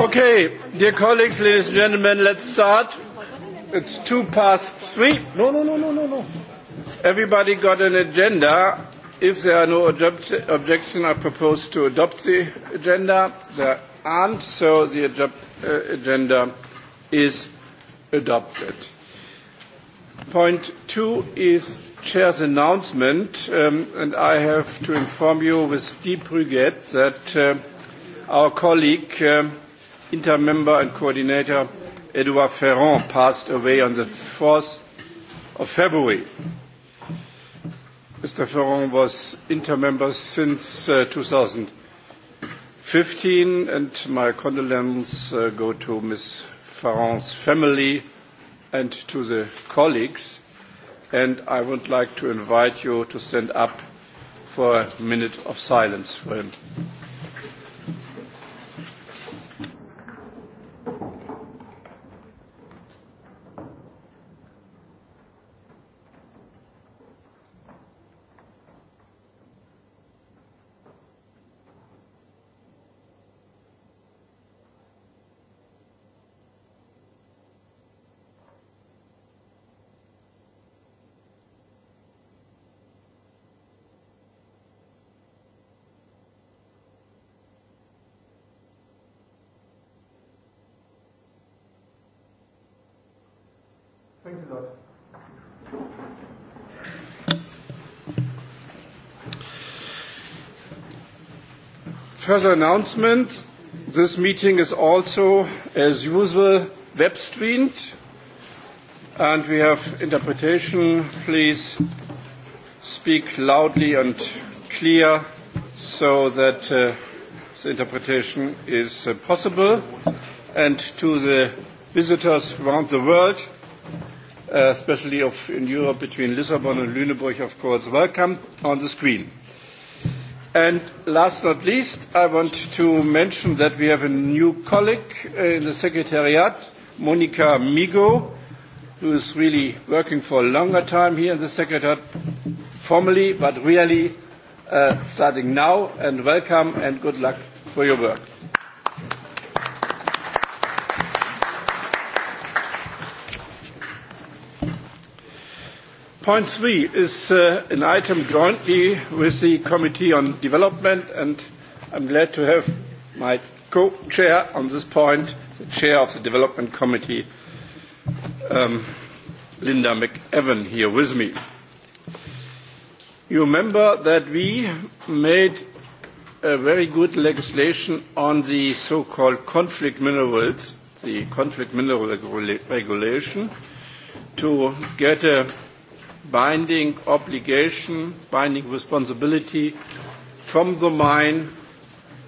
Okay, dear colleagues, ladies and gentlemen, let's start. It's two past three. No, no, no, no, no, no. Everybody got an agenda. If there are no object objections, I propose to adopt the agenda. There aren't, so the uh, agenda is adopted. Point two is Chair's announcement, and I have to inform you with deep regret that our colleague intermember and coordinator Edouard Ferrand passed away on the 4th of February. Mr. Ferrand was intermember since uh, 2015, and my condolences uh, go to Ms. Ferrand's family and to the colleagues. And I would like to invite you to stand up for a minute of silence for him. Further announcement. This meeting is also, as usual, web streamed, and we have interpretation. Please speak loudly and clear so that uh, the interpretation is uh, possible. And to the visitors around the world, especially of, in Europe between Lisbon and Lüneburg, of course, welcome on the screen. And last not least, I want to mention that we have a new colleague in the Secretariat, Monica Migo, who is really working for a longer time here in the Secretariat, formally but really uh, starting now. And welcome and good luck for your work. Point three is uh, an item jointly with the Committee on Development, and I'm glad to have my co-chair on this point, the chair of the Development Committee, um, Linda McEwan, here with me. You remember that we made a very good legislation on the so-called conflict minerals, the conflict mineral regulation, to get a binding obligation, binding responsibility from the mine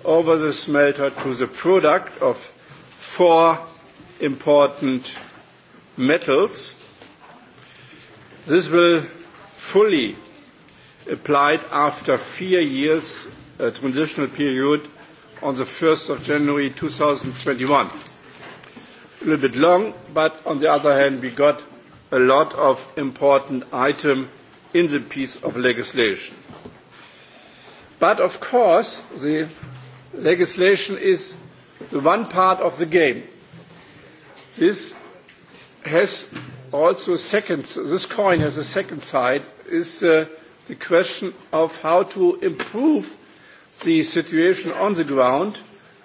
over the smelter to the product of four important metals. This will fully applied after four years a transitional period on the 1st of January 2021. A little bit long, but on the other hand, we got a lot of important items in the piece of legislation. But of course, the legislation is the one part of the game. This has also second, this coin has a second side, is the question of how to improve the situation on the ground,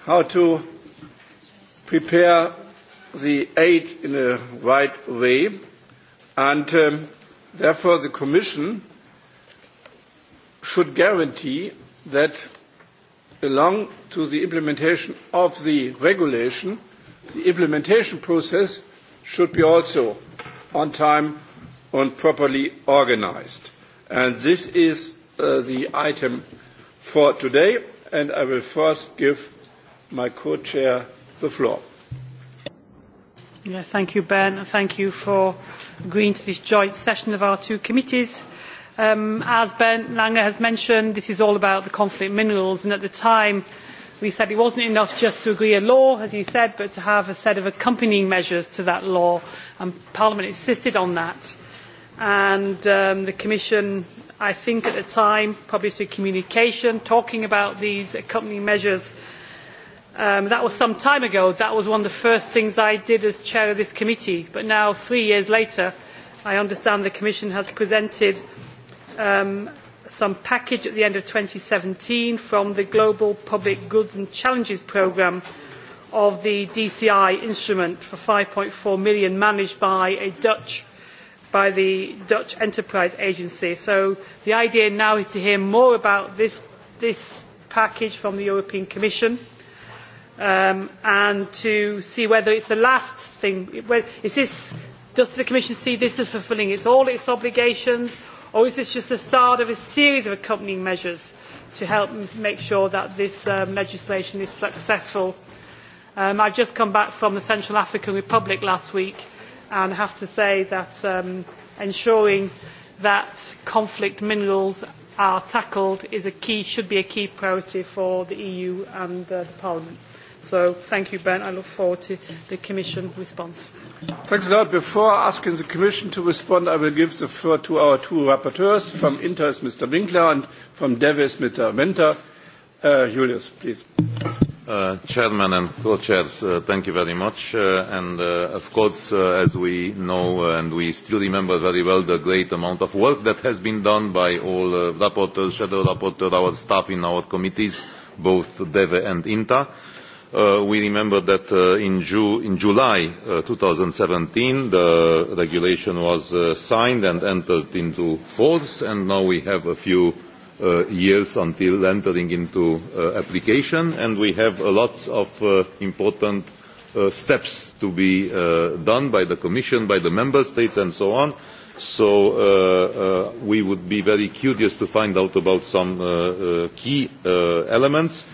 how to prepare the aid in the right way, And therefore, the Commission should guarantee that along to the implementation of the regulation, the implementation process should be also on time and properly organised. And this is the item for today, and I will first give my co-chair the floor. Yeah, thank you, Ben, and thank you for agreeing to this joint session of our two committees. Um, as Ben Lange has mentioned, this is all about the conflict minerals, and at the time we said it wasn't enough just to agree a law, as he said, but to have a set of accompanying measures to that law, and Parliament insisted on that. And um, the Commission, I think at the time, published a communication talking about these accompanying measures – that was some time ago. That was one of the first things I did as chair of this committee. But now, three years later, I understand the Commission has presented some package at the end of seventeen from the Global Public Goods and Challenges Programme of the DCI instrument for five four million managed by a Dutch by the Dutch Enterprise Agency. So the idea now is to hear more about this, package from the European Commission and to see whether it is the last thing. Is this, does the Commission see this as fulfilling its, all its obligations, or is this just the start of a series of accompanying measures to help make sure that this legislation is successful? I have just come back from the Central African Republic last week, and I have to say that ensuring that conflict minerals are tackled is a key, should be a key priority for the EU and Parliament. So thank you, Ben. I look forward to the Commission response. Thanks a lot. Before asking the Commission to respond, I will give the floor to our two rapporteurs. From Inter is Mr. Winkler and from DEVE is Mr. Winter. Uh, Julius, please. Uh, Chairman and co-chairs, uh, thank you very much. Uh, and uh, of course, uh, as we know uh, and we still remember very well the great amount of work that has been done by all uh, rapporteurs, shadow rapporteurs, our staff in our committees, both DEVE and INTA. Uh, we remember that in, Ju in July uh, seventeen the regulation was signed and entered into force, and now we have a few years until entering into application, and we have lots of important steps to be done by the Commission, by the Member States, and so on. So we would be very curious to find out about some key elements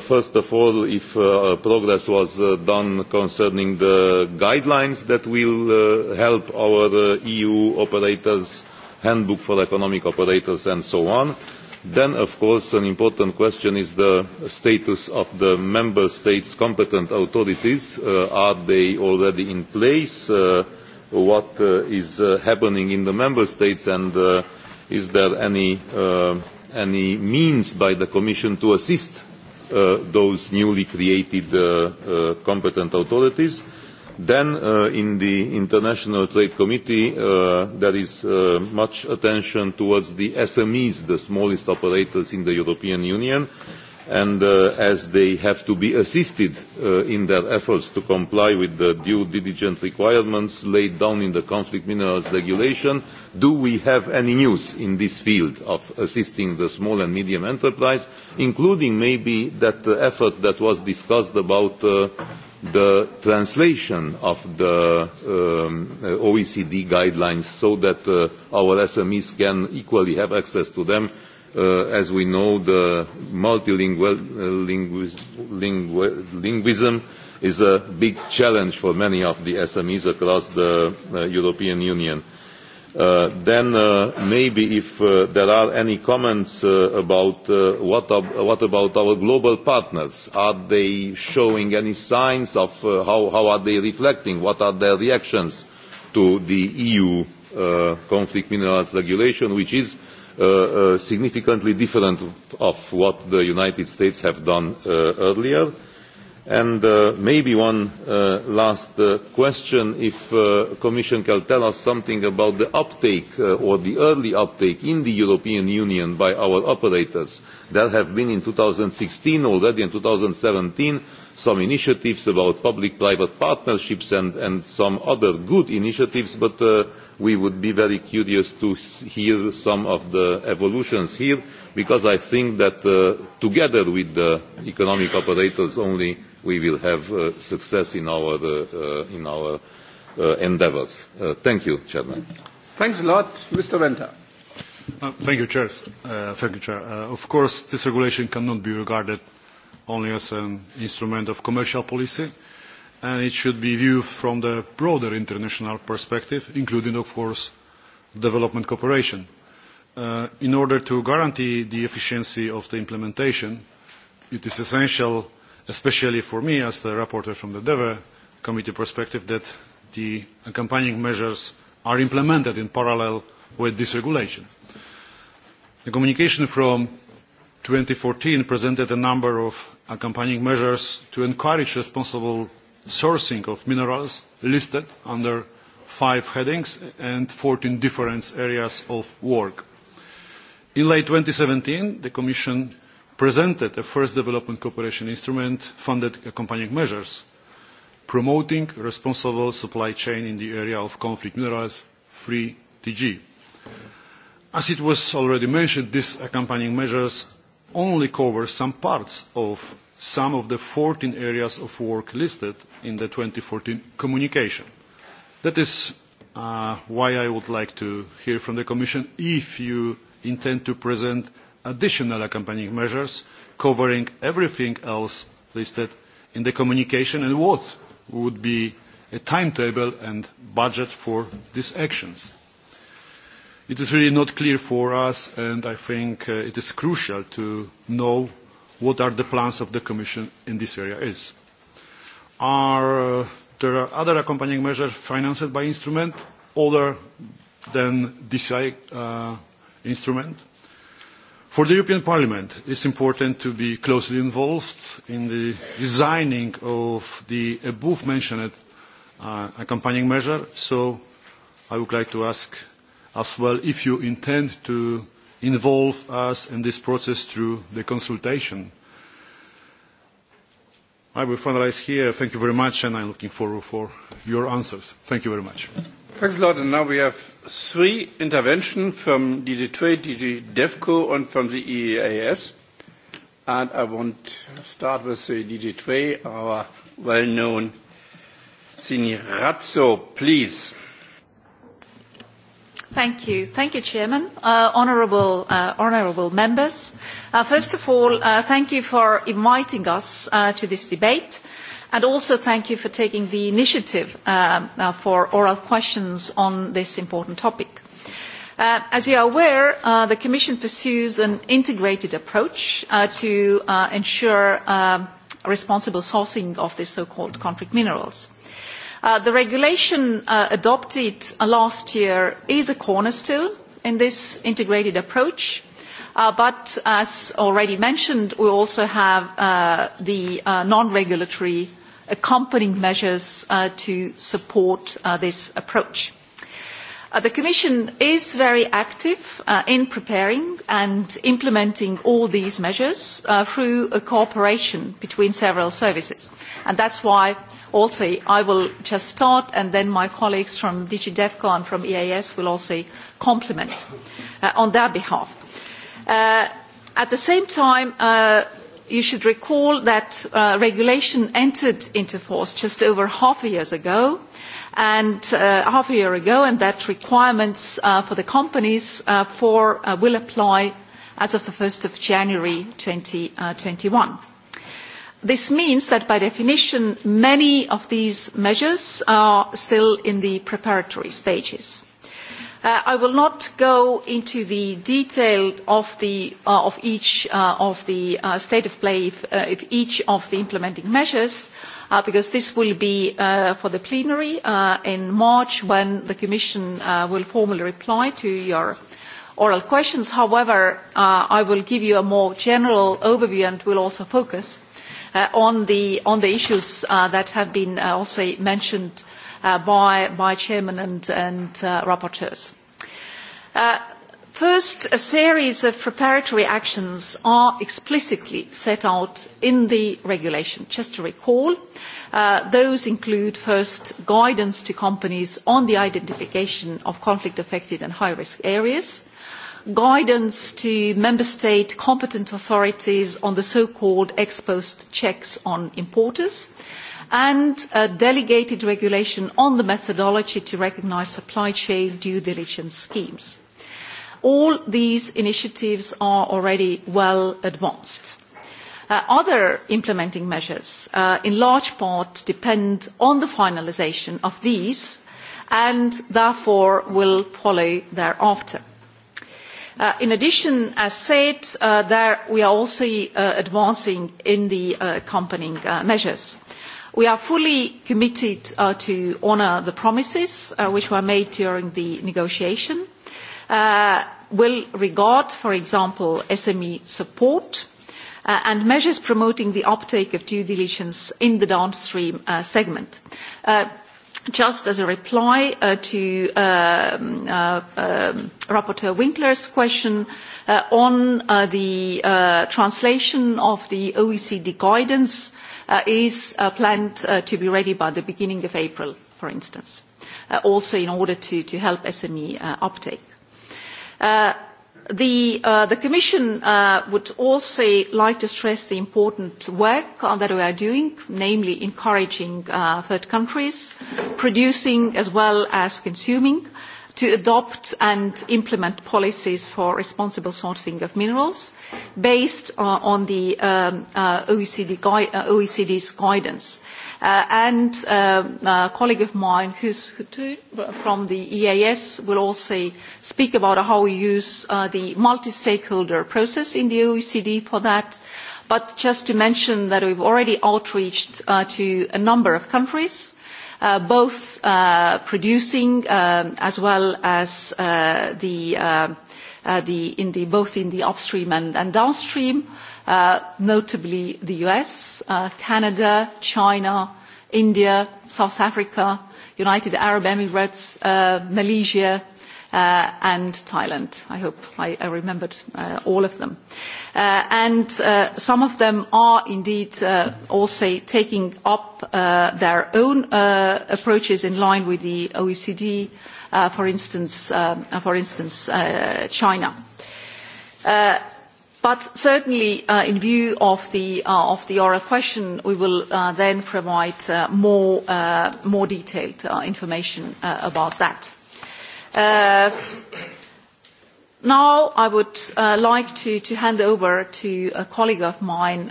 first of all, if progress was done concerning the guidelines that will help our EU operators, handbook for economic operators, and so on. Then, of course, an important question is the status of the member states' competent authorities. are they already in place? what is happening in the member states? And is there any, means by the Commission to assist those newly created uh, uh, competent authorities. Then uh, in the International Trade Committee, uh, there is uh, much attention towards the SMEs, the smallest operators in the European Union and as they have to be assisted in their efforts to comply with the due diligence requirements laid down in the conflict minerals regulation, do we have any news in this field of assisting the small and medium enterprise, including maybe that effort that was discussed about the translation of the OECD guidelines so that our SMEs can equally have access to them as we know, the multilingualism is a big challenge for many of the SMEs across the European Union. Then maybe if there are any comments about what about our global partners? Are they showing any signs of how are they reflecting? What are their reactions to the EU conflict minerals regulation, which is significantly different from what the United States have done earlier. And maybe one last question, if the Commission can tell us something about the uptake or the early uptake in the European Union by our operators. There have been in sixteen already and seventeen some initiatives about public-private partnerships and, some other good initiatives, but we would be very curious to hear some of the evolutions here, because I think that uh, together with the economic operators only, we will have uh, success in our, uh, in our uh, endeavors. Uh, thank you, Chairman. Thanks a lot, Mr. Venter. Uh, thank you, Chair. Uh, thank you, Chair. Uh, of course, this regulation cannot be regarded only as an instrument of commercial policy. Uh, and it should be viewed from the broader international perspective, including, of course, development cooperation. in order to guarantee the efficiency of the implementation, it is essential, especially for me as the rapporteur from the DEVE committee perspective, that the accompanying measures are implemented in parallel with this regulation. The communication from fourteen presented a number of accompanying measures to encourage responsible sourcing of minerals listed under five headings and 14 different areas of work. In late 2017, the Commission presented a first development cooperation instrument funded accompanying measures promoting responsible supply chain in the area of conflict minerals, free TG. As it was already mentioned, these accompanying measures only cover some parts of some of the 14 areas of work listed in the 2014 communication. That is why I would like to hear from the Commission if you intend to present additional accompanying measures covering everything else listed in the communication and what would be a timetable and budget for these actions. It is really not clear for us, and I think it is crucial to know what are the plans of the Commission in this area is. Are there other accompanying measures financed by instrument other than this uh, instrument? For the European Parliament, it's important to be closely involved in the designing of the above-mentioned uh, accompanying measure, so I would like to ask as well if you intend to involve us in this process through the consultation. I will finalize here. Thank you very much, and I'm looking forward for your answers. Thank you very much. Thanks a lot. Now we have three interventions from DG Trade, DG DevCo, and from the EEAS. and I want to start with the DG Trade, our well-known Signorazzo, please. Thank you. Thank you, Chairman. Uh, uh, members, uh, first of all, uh, thank you for inviting us uh, to this debate. And also thank you for taking the initiative uh, uh, for oral questions on this important topic. As you are aware, the Commission pursues an integrated approach to ensure responsible sourcing of the so-called conflict minerals the regulation adopted last year is a cornerstone in this integrated approach. but as already mentioned, we also have the non-regulatory accompanying measures to support this approach. the Commission is very active in preparing and implementing all these measures through cooperation between several services. And is why also I will just start and then my colleagues from DG DEFCO and from EAS will also complement on their behalf. at the same time, you should recall that regulation entered into force just over half a year ago and half a year ago and that requirements for the companies for will apply as of the 1st of January 2021 This means that by definition, many of these measures are still in the preparatory stages. I will not go into the detail of, each of the state of play of each of the implementing measures, because this will be for the plenary in March when the Commission will formally reply to your oral questions. However, I will give you a more general overview and will also focus on the issues that have been also mentioned by chairman and rapporteurs. First, a series of preparatory actions are explicitly set out in the regulation. Just to recall, those include first guidance to companies on the identification of conflict affected and high risk areas, guidance to member state competent authorities on the so-called ex post checks on importers and a delegated regulation on the methodology to recognise supply chain due diligence schemes. All these initiatives are already well advanced. Other implementing measures in large part depend on the finalisation of these and therefore will follow thereafter in addition, as said, there we are also advancing in the accompanying measures. We are fully committed to honour the promises which were made during the negotiation. Uh, will regard, for example, SME support and measures promoting the uptake of due diligence in the downstream segment Just as a reply to Rapporteur Winkler's question on the translation of the OECD guidance is planned to be ready by the beginning of April, for instance, also in order to help SME uptake. The, Commission would also like to stress the important work that we are doing, namely encouraging third countries, producing as well as consuming, to adopt and implement policies for responsible sourcing of minerals based on the OECD's guidance and a colleague of mine who's from the EAS will also speak about how we use the multi-stakeholder process in the OECD for that. But just to mention that we've already outreached to a number of countries, both producing as well as the in the both in the upstream and downstream notably the US, Canada, China, India, South Africa, United Arab Emirates, Malaysia, and Thailand. I hope I, I remembered all of them. and some of them are indeed also taking up their own approaches in line with the OECD, for instance, for instance China But certainly, in view of the oral question, we will then provide more detailed information about that. Now I would like to hand over to a colleague of mine,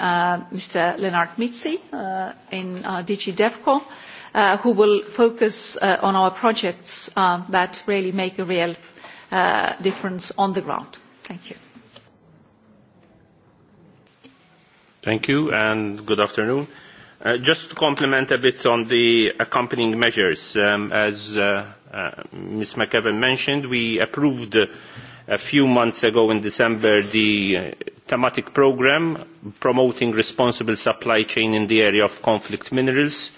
Mr. Lenard Mizzi, in DG DevCo, who will focus on our projects that really make a real difference on the ground. Thank you. Thank you, and good afternoon. Just to complement a bit on the accompanying measures, as Ms. McEvan mentioned, we approved a few months ago in December the thematic programme promoting responsible supply chain in the area of conflict minerals,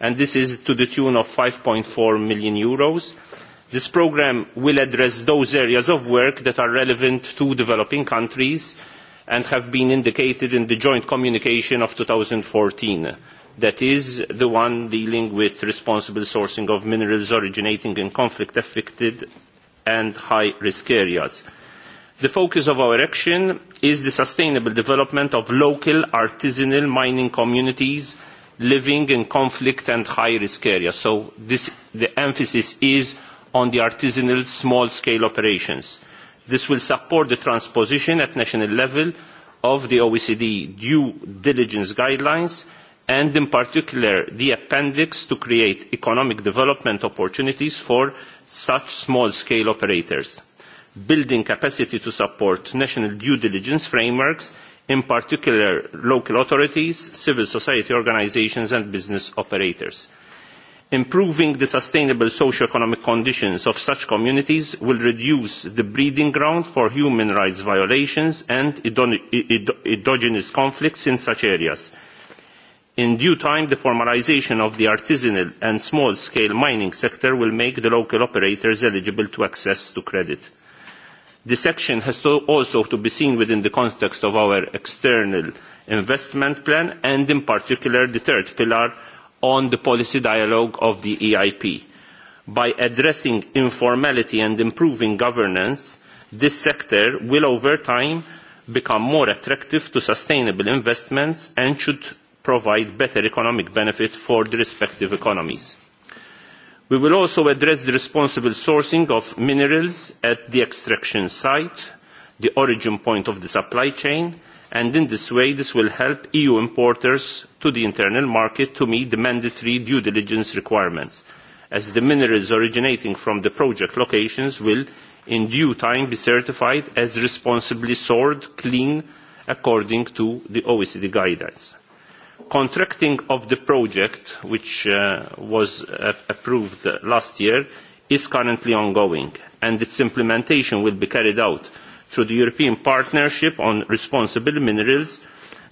and this is to the tune of EUR 5.4 million This programme will address those areas of work that are relevant to developing countries, and have been indicated in the joint communication of 2014 that is the one dealing with responsible sourcing of minerals originating in conflict affected and high risk areas. The focus of our action is the sustainable development of local artisanal mining communities living in conflict and high risk areas. So this, the emphasis is on the artisanal small scale operations this will support the transposition at national level of the oecd due diligence guidelines and in particular the appendix to create economic development opportunities for such small scale operators building capacity to support national due diligence frameworks in particular local authorities civil society organisations and business operators improving the sustainable socio economic conditions of such communities will reduce the breeding ground for human rights violations and endogenous conflicts in such areas. in due time the formalisation of the artisanal and small scale mining sector will make the local operators eligible to access to credit. this action has also to be seen within the context of our external investment plan and in particular the third pillar on the policy dialogue of the EIP. By addressing informality and improving governance, this sector will over time become more attractive to sustainable investments and should provide better economic benefit for the respective economies. We will also address the responsible sourcing of minerals at the extraction site, the origin point of the supply chain, and in this way this will help eu importers to the internal market to meet the mandatory due diligence requirements as the minerals originating from the project locations will in due time be certified as responsibly sourced clean according to the oecd guidelines. contracting of the project which was approved last year is currently ongoing and its implementation will be carried out through the European Partnership on Responsible Minerals,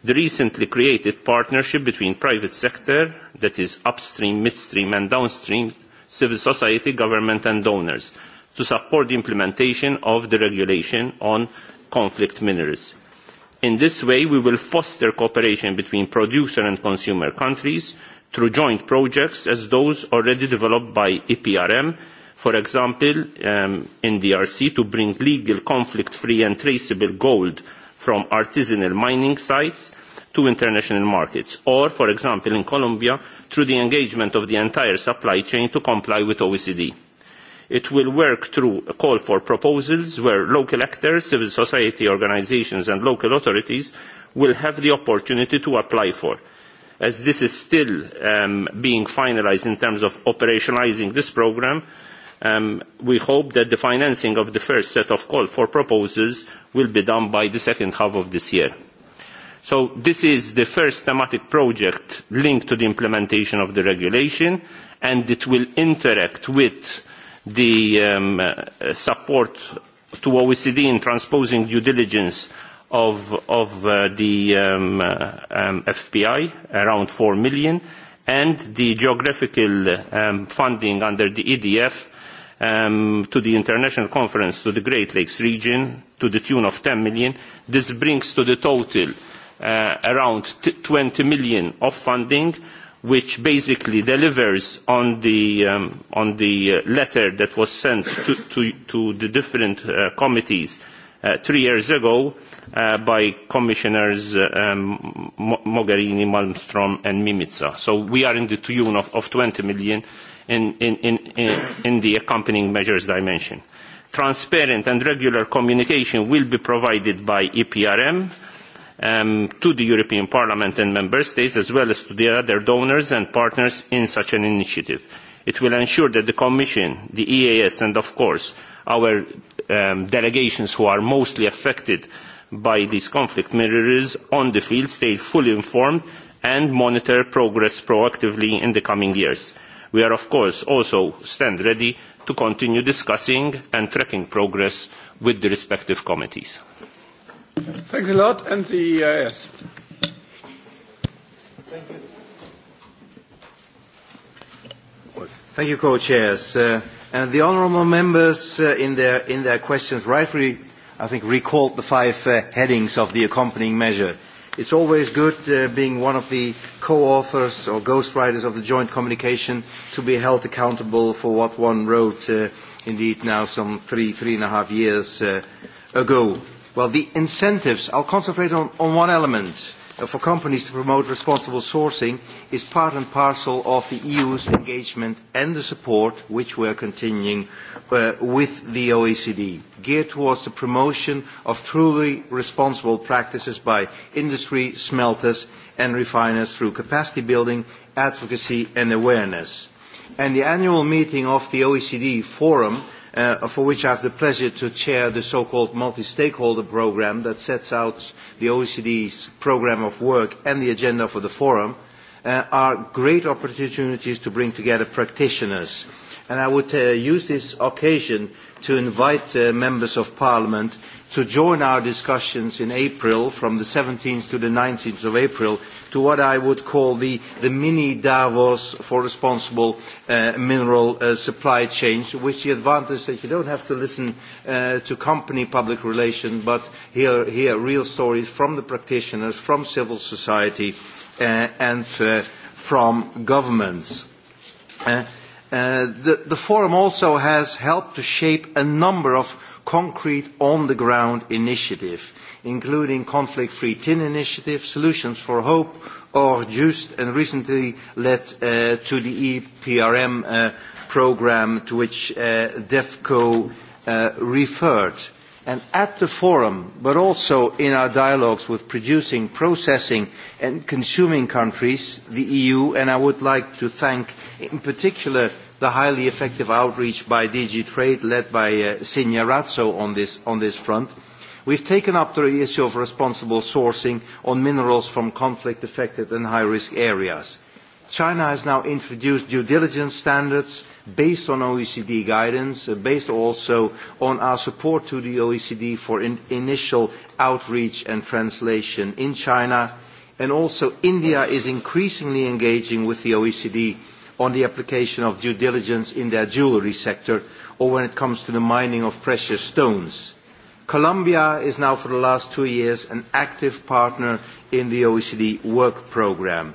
the recently created partnership between private sector, that is upstream, midstream and downstream, civil society, government and donors, to support the implementation of the regulation on conflict minerals. In this way, we will foster cooperation between producer and consumer countries through joint projects as those already developed by EPRM for example in the DRC to bring legal conflict free and traceable gold from artisanal mining sites to international markets or for example in Colombia through the engagement of the entire supply chain to comply with OECD. It will work through a call for proposals where local actors, civil society organisations and local authorities will have the opportunity to apply for as this is still being finalised in terms of operationalising this programme we hope that the financing of the first set of call for proposals will be done by the second half of this year. So this is the first thematic project linked to the implementation of the regulation and it will interact with the support to OECD in transposing due diligence of, the FPI, around four million, and the geographical funding under the EDF to the international conference to the Great Lakes region to the tune of 10 million. This brings to the total around 20 million of funding, which basically delivers on the letter that was sent to the different committees three years ago by Commissioners Mogherini, Malmström and Mimica. So we are in the tune of 20 million in, in, in, in, the accompanying measures dimension. Transparent and regular communication will be provided by EPRM um, to the European Parliament and Member States as well as to the other donors and partners in such an initiative. It will ensure that the Commission, the EAS and of course our um, delegations who are mostly affected by these conflict mirrors on the field stay fully informed and monitor progress proactively in the coming years we are of course also stand ready to continue discussing and tracking progress with the respective committees. Thanks a lot, and the EIS. Thank you, co-chairs. Uh, and the honourable members uh, in, their, in their questions rightly, I think, recalled the five uh, headings of the accompanying measure – It's always good uh, being one of the co-authors or ghostwriters of the joint communication to be held accountable for what one wrote uh, indeed now some three, three and a half years uh, ago. Well, the incentives, I'll concentrate on, on one element for companies to promote responsible sourcing is part and parcel of the EU's engagement and the support which we are continuing with the OECD, geared towards the promotion of truly responsible practices by industry, smelters and refiners through capacity building, advocacy and awareness. And the annual meeting of the OECD Forum uh, for which I have the pleasure to chair the so-called multi-stakeholder program that sets out the OECD's program of work and the agenda for the forum, uh, are great opportunities to bring together practitioners. And I would uh, use this occasion to invite uh, members of parliament to join our discussions in April from the 17th to the 19th of April to what I would call the, the mini Davos for responsible uh, mineral uh, supply chains, with the advantage that you don't have to listen uh, to company public relations, but hear, hear real stories from the practitioners, from civil society, uh, and uh, from governments. Uh, uh, the, the forum also has helped to shape a number of concrete on-the-ground initiatives including conflict-free tin initiative, solutions for hope, or just and recently led uh, to the EPRM uh, program to which uh, DEFCO uh, referred. And at the forum, but also in our dialogues with producing, processing and consuming countries, the EU, and I would like to thank in particular the highly effective outreach by DG Trade led by uh, Signorazzo on this, on this front, We have taken up the issue of responsible sourcing on minerals from conflict-affected and high-risk areas. China has now introduced due diligence standards based on OECD guidance, based also on our support to the OECD for initial outreach and translation in China. And also India is increasingly engaging with the OECD on the application of due diligence in their jewellery sector or when it comes to the mining of precious stones. Colombia is now for the last two years an active partner in the OECD work programme.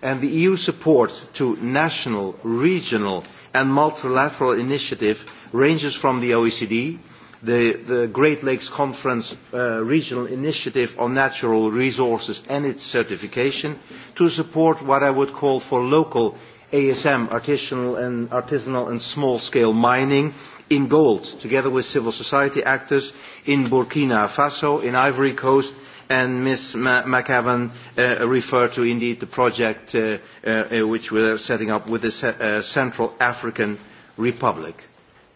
And the EU support to national, regional and multilateral initiative ranges from the OECD, the, the Great Lakes Conference uh, Regional Initiative on Natural Resources and its certification, to support what I would call for local ASM, artisanal and, artisanal and small-scale mining, in gold, together with civil society actors in Burkina Faso, in Ivory Coast, and Ms. McAvan referred to indeed the project which we are setting up with the Central African Republic.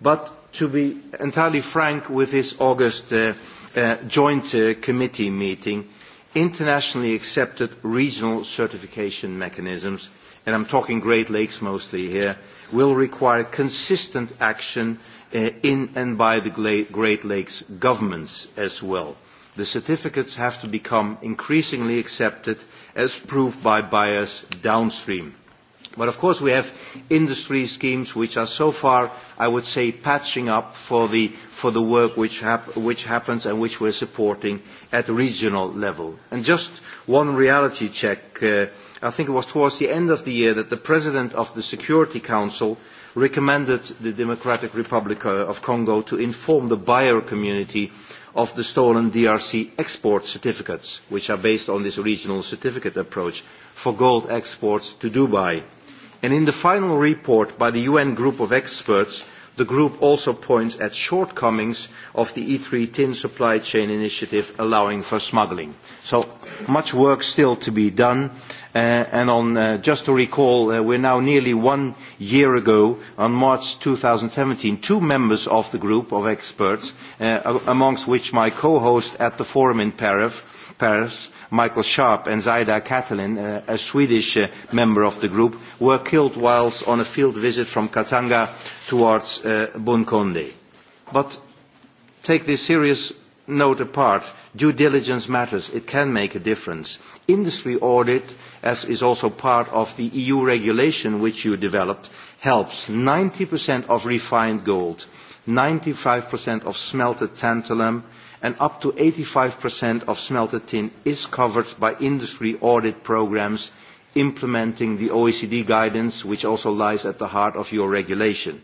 But to be entirely frank with this August joint committee meeting, internationally accepted regional certification mechanisms, and I am talking Great Lakes mostly here, will require consistent action in and by the Great Lakes governments as well. The certificates have to become increasingly accepted as proved by buyers downstream. But of course we have industry schemes which are so far, I would say, patching up for the, for the work which, hap which happens and which we're supporting at regional level. And just one reality check. Uh, I think it was towards the end of the year that the President of the Security Council – recommended the Democratic Republic of Congo to inform the buyer community of the stolen DRC export certificates, which are based on this regional certificate approach for gold exports to Dubai. And in the final report by the UN group of experts, the group also points at shortcomings of the E3 tin supply chain initiative allowing for smuggling. So much work still to be done. and on, just to recall, uh, we're now nearly one year ago, on March seventeen, two members of the group of experts, amongst which my co-host at the forum in Paris, pairs, Michael Sharp and Zaida Catalin, a Swedish member of the group, were killed whilst on a field visit from Katanga towards Bunkonde. But take this serious note apart. Due diligence matters. It can make a difference. Industry audit, as is also part of the EU regulation which you developed, helps. 90% of refined gold, 95% of smelted tantalum, and up to 85% of smelted tin is covered by industry audit programs implementing the OECD guidance, which also lies at the heart of your regulation.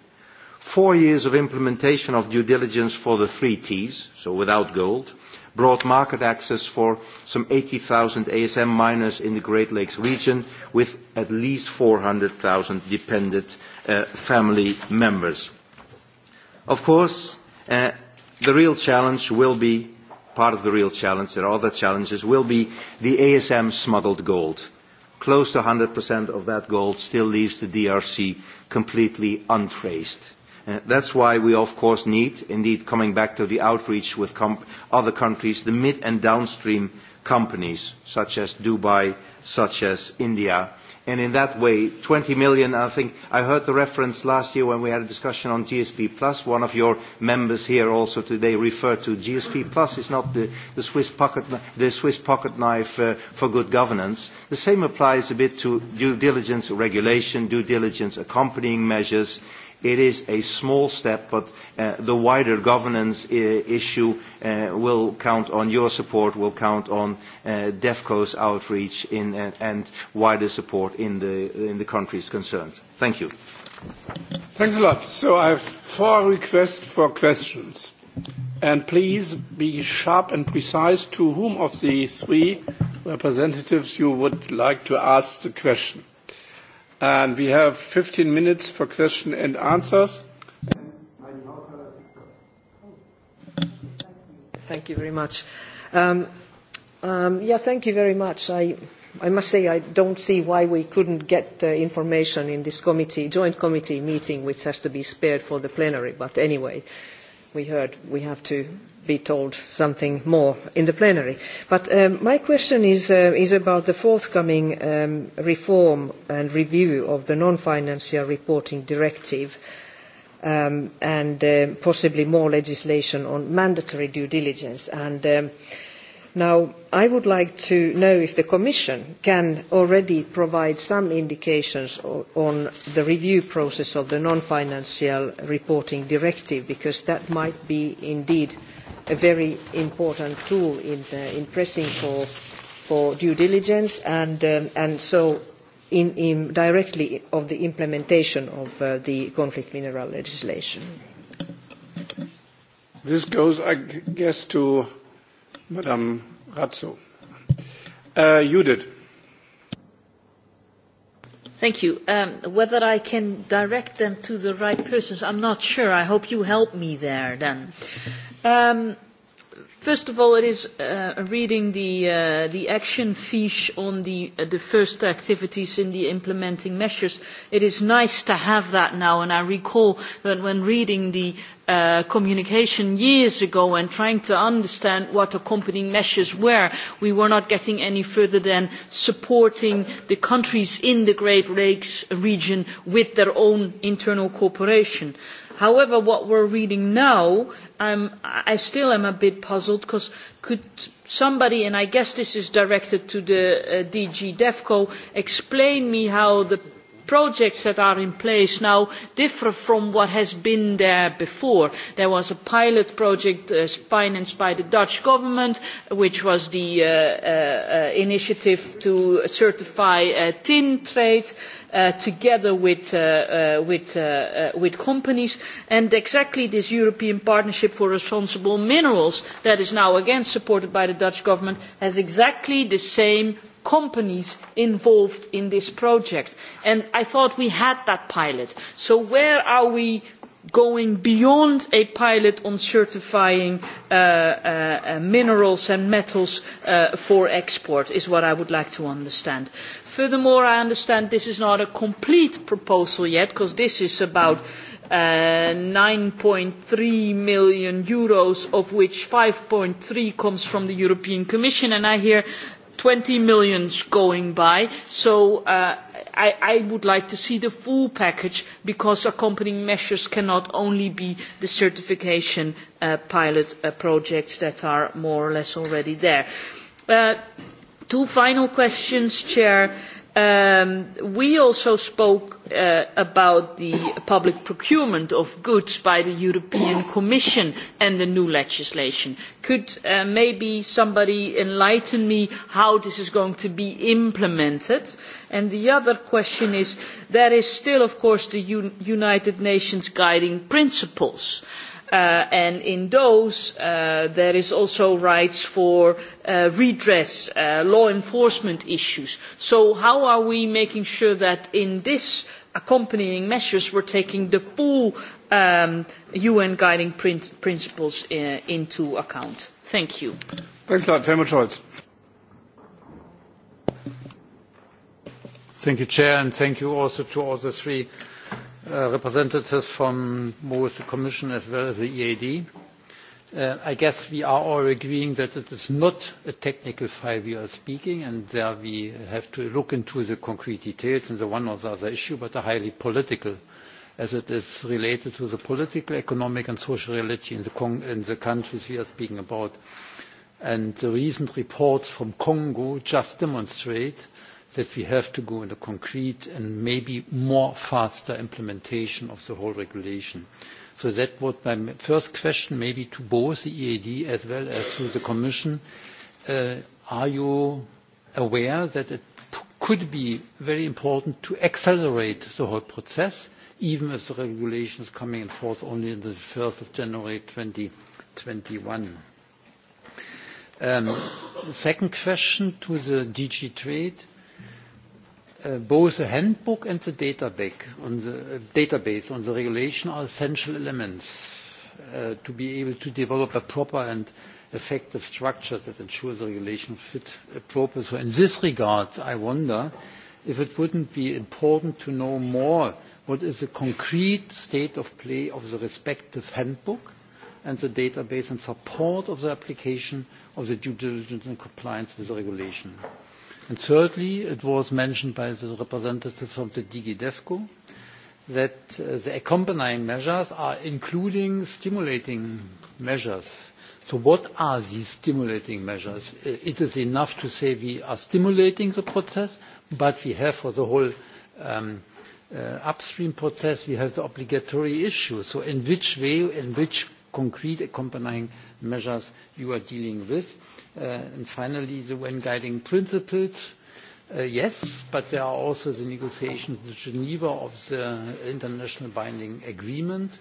Four years of implementation of due diligence for the three Ts, so without gold, brought market access for some 80,000 ASM miners in the Great Lakes region, with at least 400,000 dependent family members. Of course, the real challenge will be, part of the real challenge, there are other challenges, will be the ASM smuggled gold. Close to 100% of that gold still leaves the DRC completely untraced. Uh, that's why we, of course, need, indeed, coming back to the outreach with comp- other countries, the mid and downstream companies, such as Dubai, such as India, And in that way, 20 million, I think, I heard the reference last year when we had a discussion on GSP Plus. One of your members here also today referred to GSP Plus is not the, Swiss, pocket, knife for good governance. The same applies a bit to due diligence regulation, due diligence accompanying measures, It is a small step, but uh, the wider governance issue uh, will count on your support, will count on uh, DEFCO's outreach in, uh, and wider support in the, in the countries concerned. Thank you. Thanks a lot. So I have four requests for questions. And please be sharp and precise to whom of the three representatives you would like to ask the question. And we have 15 minutes for question and answers. Thank you very much. Um, um, yeah, thank you very much. I, I must say I don't see why we couldn't get the information in this committee, joint committee meeting, which has to be spared for the plenary. But anyway, we heard we have to be told something more in the plenary. But my question is, about the forthcoming reform and review of the non-financial reporting directive and possibly more legislation on mandatory due diligence. And now I would like to know if the Commission can already provide some indications on the review process of the non-financial reporting directive, because that might be indeed a very important tool in, the, in pressing for, for due diligence and, um, and so in, in directly of the implementation of uh, the conflict mineral legislation. This goes, I guess, to Madame Razzo. Uh, Judith. Thank you. Um, whether I can direct them to the right persons, I'm not sure. I hope you help me there then. Um, first of all, it is uh, reading the, uh, the action fiche on the, uh, the first activities in the implementing measures. It is nice to have that now, and I recall that when reading the uh, communication years ago and trying to understand what accompanying measures were, we were not getting any further than supporting the countries in the Great Lakes region with their own internal cooperation. However, what we're reading now, I'm, I still am a bit puzzled because could somebody, and I guess this is directed to the uh, DG DEFCO, explain me how the projects that are in place now differ from what has been there before. There was a pilot project financed by the Dutch government, which was the initiative to certify tin trade together with, companies. And exactly this European Partnership for Responsible Minerals that is now again supported by the Dutch government has exactly the same companies involved in this project. And I thought we had that pilot. So where are we going beyond a pilot on certifying minerals and metals for export is what I would like to understand Furthermore, I understand this is not a complete proposal yet, because this is about nine three million euros, of which five three comes from the European Commission, and I hear twenty million going by. So I would like to see the full package because accompanying measures cannot only be the certification pilot projects that are more or less already there Two final questions, Chair. we also spoke about the public procurement of goods by the European Commission and the new legislation. Could maybe somebody enlighten me how this is going to be implemented? And the other question is, there is still, of course, the United Nations guiding principles. Uh, and in those there is also rights for redress, law enforcement issues. So how are we making sure that in this accompanying measures we're taking the full UN guiding principles into account? Thank you. Thanks a lot. Thank you, Chair, and thank you also to all the three representatives from both the Commission as well as the EAD. I guess we are all agreeing that it is not a technical file we are speaking, and there we have to look into the concrete details in the one or the other issue, but a highly political, as it is related to the political, economic, and social reality in the countries we are speaking about. The recent reports from Congo just demonstrate that we have to go into concrete and maybe more faster implementation of the whole regulation. So That was my first question, maybe to both the EAD as well as to the Commission. Are you aware that it could be very important to accelerate the whole process, even if the regulation is coming in force only on the 1st of January 2021? Second question to the DG Trade both the handbook and the database on the regulation are essential elements to be able to develop a proper and effective structure that ensures the regulation fit purpose. So in this regard, I wonder if it wouldn't be important to know more what is the concrete state of play of the respective handbook and the database in support of the application of the due diligence and compliance with the regulation. And thirdly, it was mentioned by the representative from the DG that the accompanying measures are including stimulating measures. So what are these stimulating measures? It is enough to say we are stimulating the process, but we have for the whole upstream process, we have the obligatory issue. So in which way, in which concrete accompanying measures you are dealing with? And finally, the UN guiding principles. Yes, but there are also the negotiations in Geneva of the international binding agreement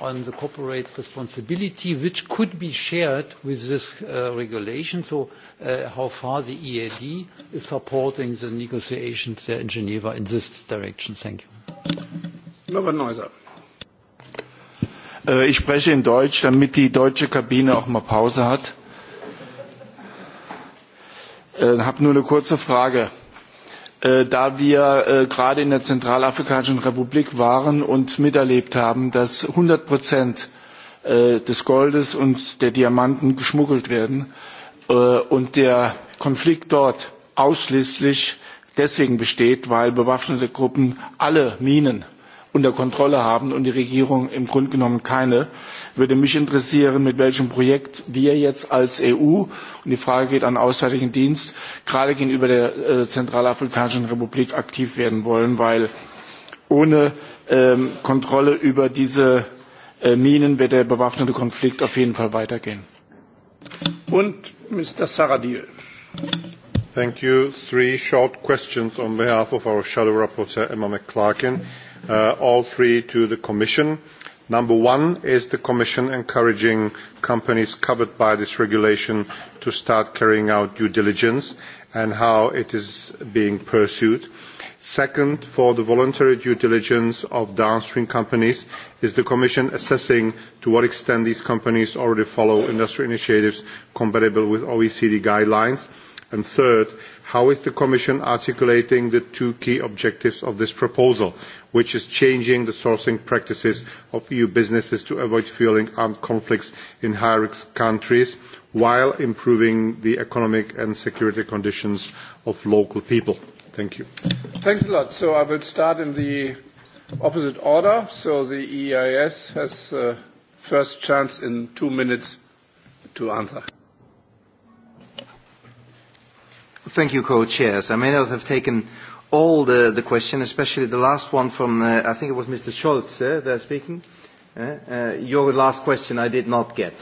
on the corporate responsibility, which could be shared with this regulation. So, how far the EAD is supporting the negotiations there in Geneva in this direction. Thank you. Norbert Neuser. Ich spreche in Deutsch, damit die deutsche Kabine auch mal Pause hat Ich habe nur eine kurze Frage. Da wir gerade in der Zentralafrikanischen Republik waren und miterlebt haben, dass 100 Prozent des Goldes und der Diamanten geschmuggelt werden und der Konflikt dort ausschließlich deswegen besteht, weil bewaffnete Gruppen alle Minen unter Kontrolle haben und die Regierung im Grunde genommen keine. Würde mich interessieren, mit welchem Projekt wir jetzt als EU, und die Frage geht an den Auswärtigen Dienst, gerade gegenüber der Zentralafrikanischen Republik aktiv werden wollen, weil ohne Kontrolle über diese Minen wird der bewaffnete Konflikt auf jeden Fall weitergehen. Und Mr. Saradil. Thank you. Three short questions on behalf of our shadow rapporteur Emma McClarkin all three to the Commission. Number one is the Commission encouraging companies covered by this regulation to start carrying out due diligence and how it is being pursued. Second, for the voluntary due diligence of downstream companies, is the Commission assessing to what extent these companies already follow industry initiatives compatible with OECD guidelines? And third, how is the Commission articulating the two key objectives of this proposal, which is changing the sourcing practices of EU businesses to avoid fuelling armed conflicts in high-risk countries while improving the economic and security conditions of local people? Thank you. Thanks a lot. So I will start in the opposite order. So the EIS has uh, first chance in two minutes to answer. Thank you, co-chairs. I may not have taken all the, the question, especially the last one from, uh, I think it was Mr. Scholz uh, there speaking. Uh, uh, your last question I did not get.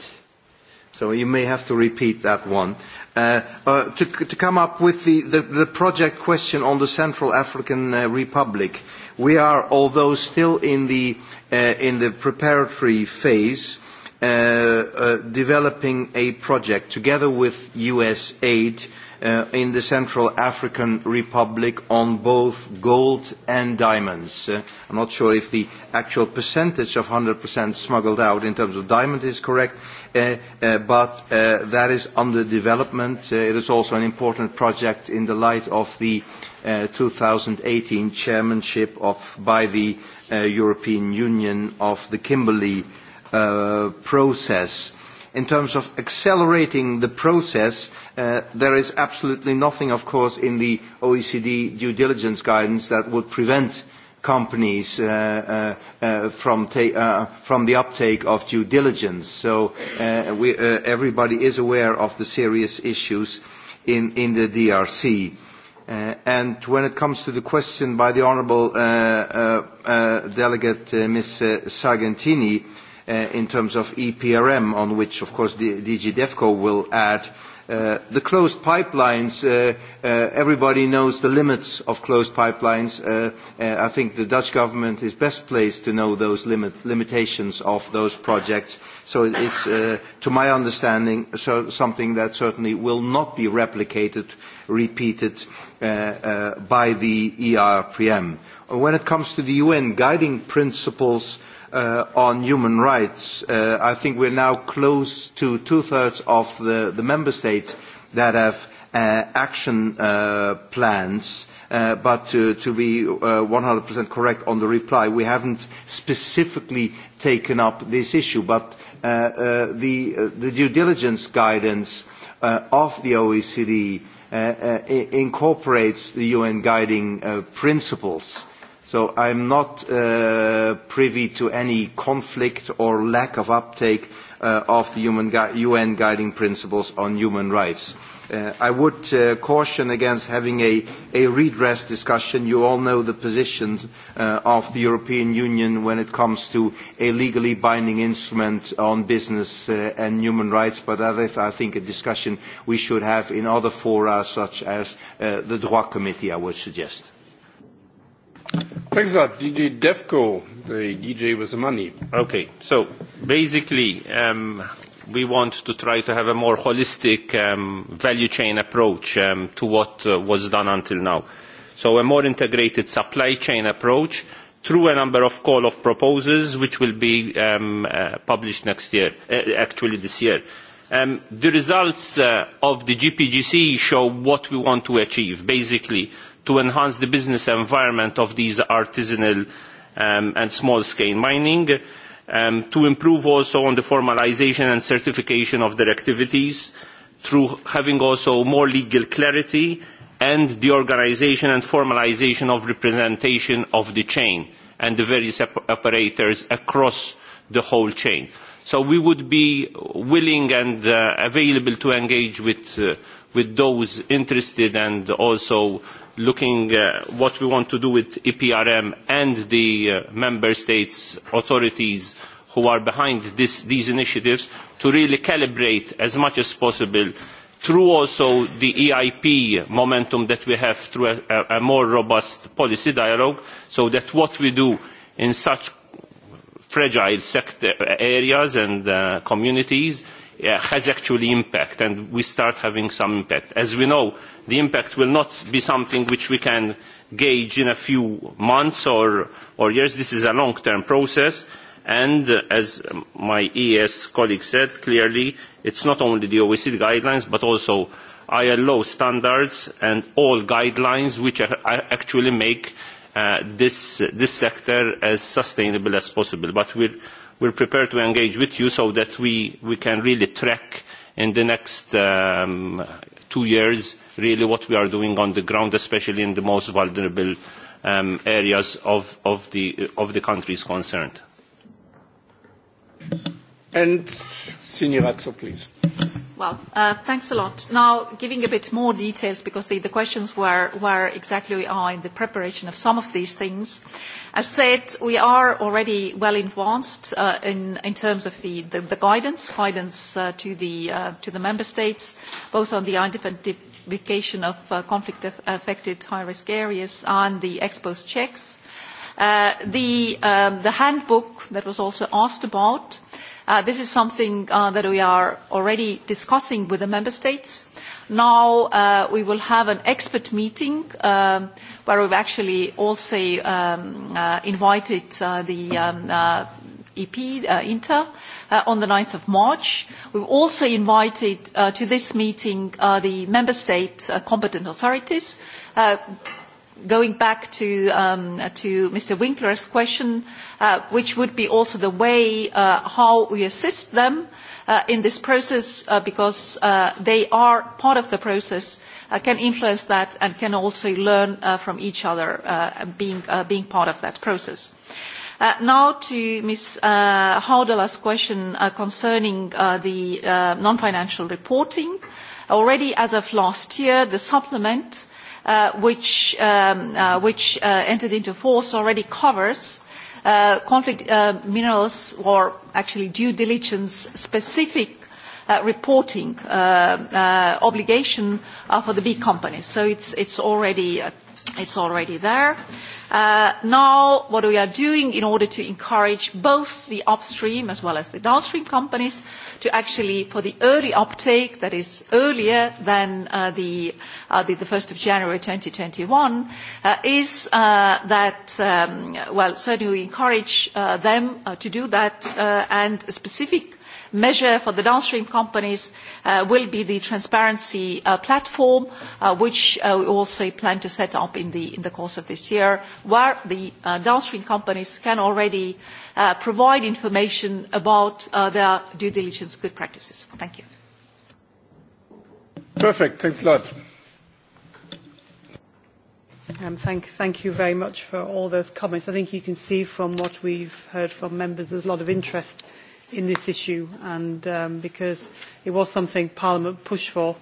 So you may have to repeat that one. Uh, uh, to, to come up with the, the, the project question on the Central African uh, Republic, we are, although still in the, uh, in the preparatory phase, uh, uh, developing a project together with US aid in the Central African Republic on both gold and diamonds. I am not sure if the actual percentage of 100% smuggled out in terms of diamond is correct, but that is under development. it is also an important project in the light of the uh, 2018 chairmanship of, by the European Union of the Kimberley process in terms of accelerating the process, there is absolutely nothing, of course, in the OECD due diligence guidance that would prevent companies from the uptake of due diligence. So everybody is aware of the serious issues in the DRC. And when it comes to the question by the honourable delegate, Ms. Sargentini, in terms of EPRM, on which, of course, DG DevCo will add. The closed pipelines, everybody knows the limits of closed pipelines. I think the Dutch government is best placed to know those limitations of those projects. So It's, to my understanding, something that certainly will not be replicated, repeated by the ERPM. When it comes to the UN guiding principles on human rights. I think we are now close to two-thirds of the, member states that have action plans but to be one hundred percent correct on the reply, we haven't specifically taken up this issue, but the due diligence guidance of the OECD incorporates the UN guiding principles So I'm not privy to any conflict or lack of uptake of the UN guiding principles on human rights. I would caution against having a, redress discussion. You all know the positions of the European Union when it comes to a legally binding instrument on business and human rights, but that is, I think, a discussion we should have in other fora, such as the Droit Committee, I would suggest. Thanks a lot, DJ Defco, the DJ with the money. Okay, so basically, um, we want to try to have a more holistic um, value chain approach um, to what uh, was done until now. So a more integrated supply chain approach through a number of call of proposals which will be um, uh, published next year, uh, actually this year. Um, the results uh, of the GPGC show what we want to achieve. Basically, to enhance the business environment of these artisanal and small-scale mining, to improve also on the formalisation and certification of their activities through having also more legal clarity and the organisation and formalisation of representation of the chain and the various operators across the whole chain. So we would be willing and available to engage with, those interested and also looking at what we want to do with EPRM and the member states' authorities who are behind these initiatives to really calibrate as much as possible through also the EIP momentum that we have through a, more robust policy dialogue so that what we do in such fragile sector areas and communities has actually impact and we start having some impact. As we know, the impact will not be something which we can gauge in a few months or, or years. This is a long-term process and as my ES colleague said, clearly it's not only the OECD guidelines but also ILO standards and all guidelines which actually make this, sector as sustainable as possible. But we're we're prepared to engage with you so that we, we can really track in the next um, two years really what we are doing on the ground, especially in the most vulnerable um, areas of, of, the, of the countries concerned. And Sinirazzo, please. Well, uh, thanks a lot. Now, giving a bit more details, because the, the questions were where exactly are in the preparation of some of these things. As said, we are already well advanced uh, in, in terms of the, the, the guidance, guidance uh, to, the, uh, to the member states, both on the identification of uh, conflict-affected high-risk areas and the ex-post checks. Uh, the, um, the handbook that was also asked about, uh, this is something that we are already discussing with the member states. Now we will have an expert meeting where we've actually also invited the EP, INTA, on the 9th of March. We've also invited to this meeting the member state competent authorities. Going back to Mr. Winkler's question, which would be also the way how we assist them in this process because they are part of the process, can influence that and can also learn from each other being, part of that process. now to Ms. Uh, Haudela's question concerning the non-financial reporting. Already as of last year, the supplement which, entered into force already covers conflict minerals or actually due diligence specific reporting obligation for the big companies. So it's already there now, what we are doing in order to encourage both the upstream as well as the downstream companies to actually, for the early uptake, that is earlier than the, uh, the, 1st of January 2021, uh, is that, well, certainly we encourage them to do that and specific measure for the downstream companies will be the transparency platform, which we also plan to set up in the course of this year, where the downstream companies can already provide information about their due diligence good practices. Thank you. Perfect. Thanks a lot. Thank you very much for all those comments. I think you can see from what we've heard from members, there's a lot of interest in this issue and um, because it was something Parliament pushed for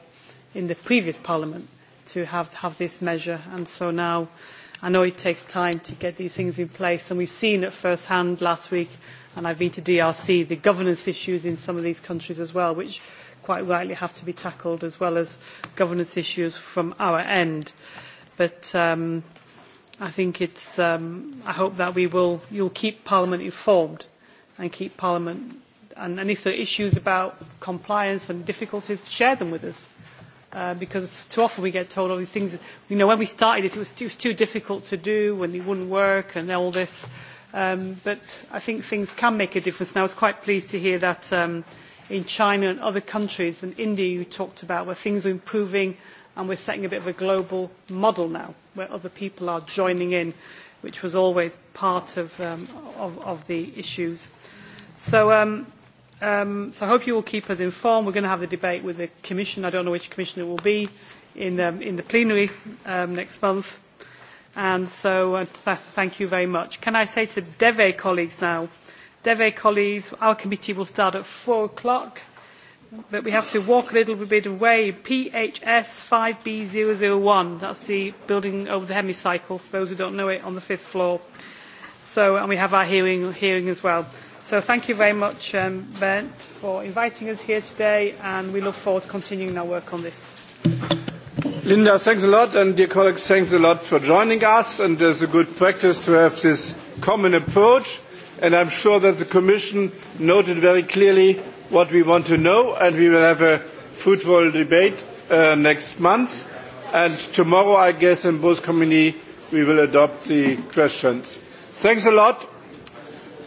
in the previous Parliament to have, have this measure and so now I know it takes time to get these things in place and we've seen at first hand last week and I've been to DRC the governance issues in some of these countries as well which quite rightly have to be tackled as well as governance issues from our end but um, I think it's um, I hope that we will you'll keep Parliament informed and keep Parliament and any sort of issues about compliance and difficulties, share them with us. Uh, because too often we get told all these things. You know, when we started this, it was, it was too difficult to do, and it wouldn't work, and all this. Um, but I think things can make a difference. And I was quite pleased to hear that um, in China and other countries, and India you talked about, where things are improving, and we're setting a bit of a global model now, where other people are joining in which was always part of, um, of, of the issues. So, um, um, so I hope you will keep us informed. We're going to have the debate with the Commission. I don't know which Commission it will be in, um, in the plenary um, next month. And so uh, thank you very much. Can I say to DEVE colleagues now, DEVE colleagues, our committee will start at 4 o'clock but we have to walk a little bit away. PHS 5B001, that's the building over the hemicycle, for those who don't know it, on the fifth floor. So, and we have our hearing, hearing as well. So thank you very much, um, Bernd, for inviting us here today, and we look forward to continuing our work on this. Linda, thanks a lot, and dear colleagues, thanks a lot for joining us. And it's a good practice to have this common approach. And I'm sure that the Commission noted very clearly what we want to know, and we will have a fruitful debate uh, next month. And tomorrow, I guess, in both committees we will adopt the questions. Thanks a lot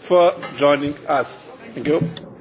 for joining us. Thank you.